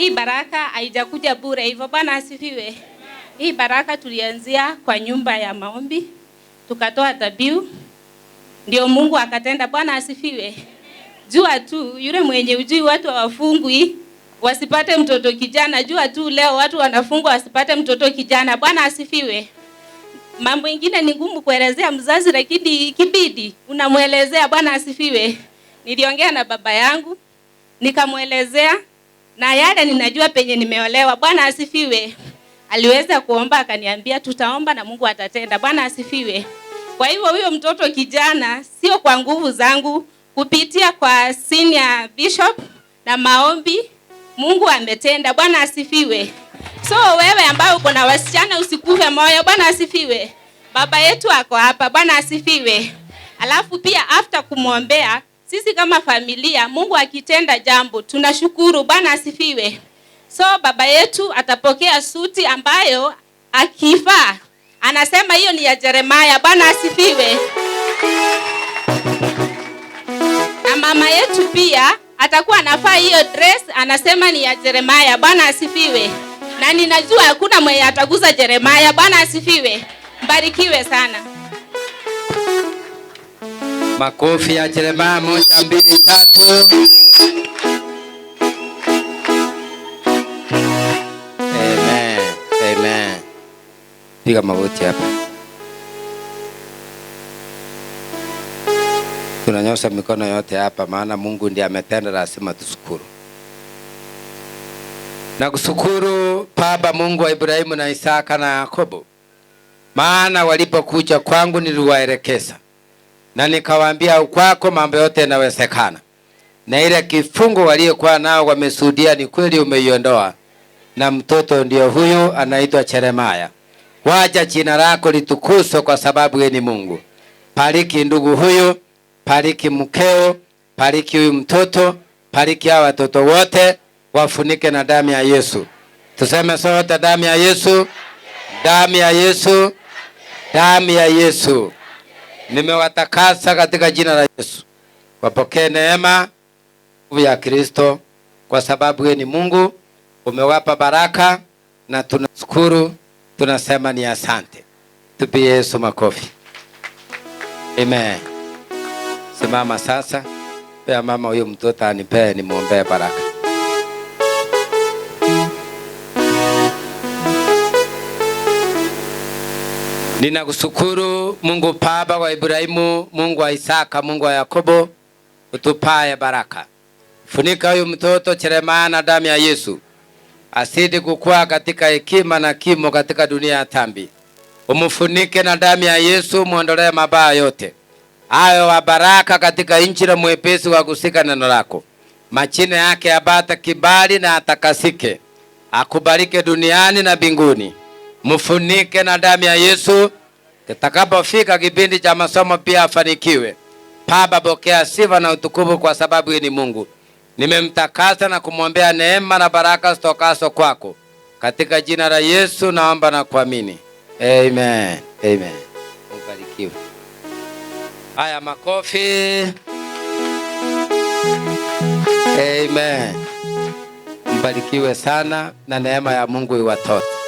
Hii baraka haijakuja bure hivyo. Bwana asifiwe. Hii baraka tulianzia kwa nyumba ya maombi, tukatoa dhabihu, ndio Mungu akatenda. Bwana asifiwe. Jua tu yule mwenye ujui, watu hawafungwi wasipate mtoto kijana. Jua tu leo watu wanafungwa wasipate mtoto kijana. Bwana asifiwe. Mambo ingine ni ngumu kuelezea mzazi, lakini ikibidi unamwelezea. Bwana asifiwe. Niliongea na baba yangu nikamwelezea na yale ninajua penye nimeolewa. Bwana asifiwe. Aliweza kuomba akaniambia, tutaomba na Mungu atatenda. Bwana asifiwe. Kwa hivyo huyo mtoto kijana, sio kwa nguvu zangu, kupitia kwa senior bishop na maombi, Mungu ametenda. Bwana asifiwe. So wewe ambaye uko na wasichana usikufe moyo. Bwana asifiwe. Baba yetu ako hapa. Bwana asifiwe. Alafu pia after kumwombea sisi kama familia, Mungu akitenda jambo tunashukuru. Bwana asifiwe. So baba yetu atapokea suti ambayo akivaa anasema hiyo ni ya Jeremaya. Bwana asifiwe. Na mama yetu pia atakuwa anavaa hiyo dress, anasema ni ya Jeremaya. Bwana asifiwe. Na ninajua hakuna mwenye ataguza Jeremaya. Bwana asifiwe. Mbarikiwe sana. Makofi ya Jeremaya, moja mbili tatu. Amen. Amen. Piga magoti hapa, tunanyosha mikono yote hapa, maana Mungu ndiye ametenda, lazima tushukuru na kushukuru Baba Mungu wa Ibrahimu na Isaka na Yakobo, maana walipokuja kwangu niliwaelekeza na nikawaambia kwako mambo yote yanawezekana, na ile kifungo waliokuwa nao wamesudia ni kweli umeiondoa, na mtoto ndio huyu anaitwa cheremaya waja jina lako litukuzwe, kwa sababu yeye ni Mungu. Pariki ndugu huyu, pariki mkeo, pariki huyu mtoto, pariki hawa watoto wote, wafunike na damu ya Yesu. Tuseme sote, damu ya Yesu, damu ya Yesu, damu ya Yesu. Nimewatakasa katika jina la Yesu. Wapokee neema, nguvu ya Kristo, kwa sababu yeye ni Mungu, umewapa baraka na tunashukuru, tunasema ni asante. Tupi Yesu makofi. Amen. Simama sasa, pea mama huyo mtoto anipee, nimwombee baraka. Ninakushukuru Mungu Baba wa Ibrahimu, Mungu wa Isaka, Mungu wa Yakobo, utupaye baraka. Funika huyu mtoto Cheremaya na damu ya Yesu, asidi kukua katika hekima na kimo katika dunia ya tambi. Umufunike na damu ya Yesu, muondolee mabaya yote. Ayo wa baraka katika nchi na mwepesi wa kusika neno lako. Machine yake abata kibali na atakasike. Akubalike duniani na binguni mfunike na damu ya Yesu. Kitakapofika kipindi cha masomo pia afanikiwe. Baba, pokea sifa na utukufu, kwa sababu ni Mungu. Nimemtakasa na kumwombea neema na baraka zitokazo kwako, katika jina la Yesu naomba na kuamini, amen, amen. Ubarikiwe. Haya, makofi. Amen. Mbarikiwe sana na neema ya Mungu iwatote.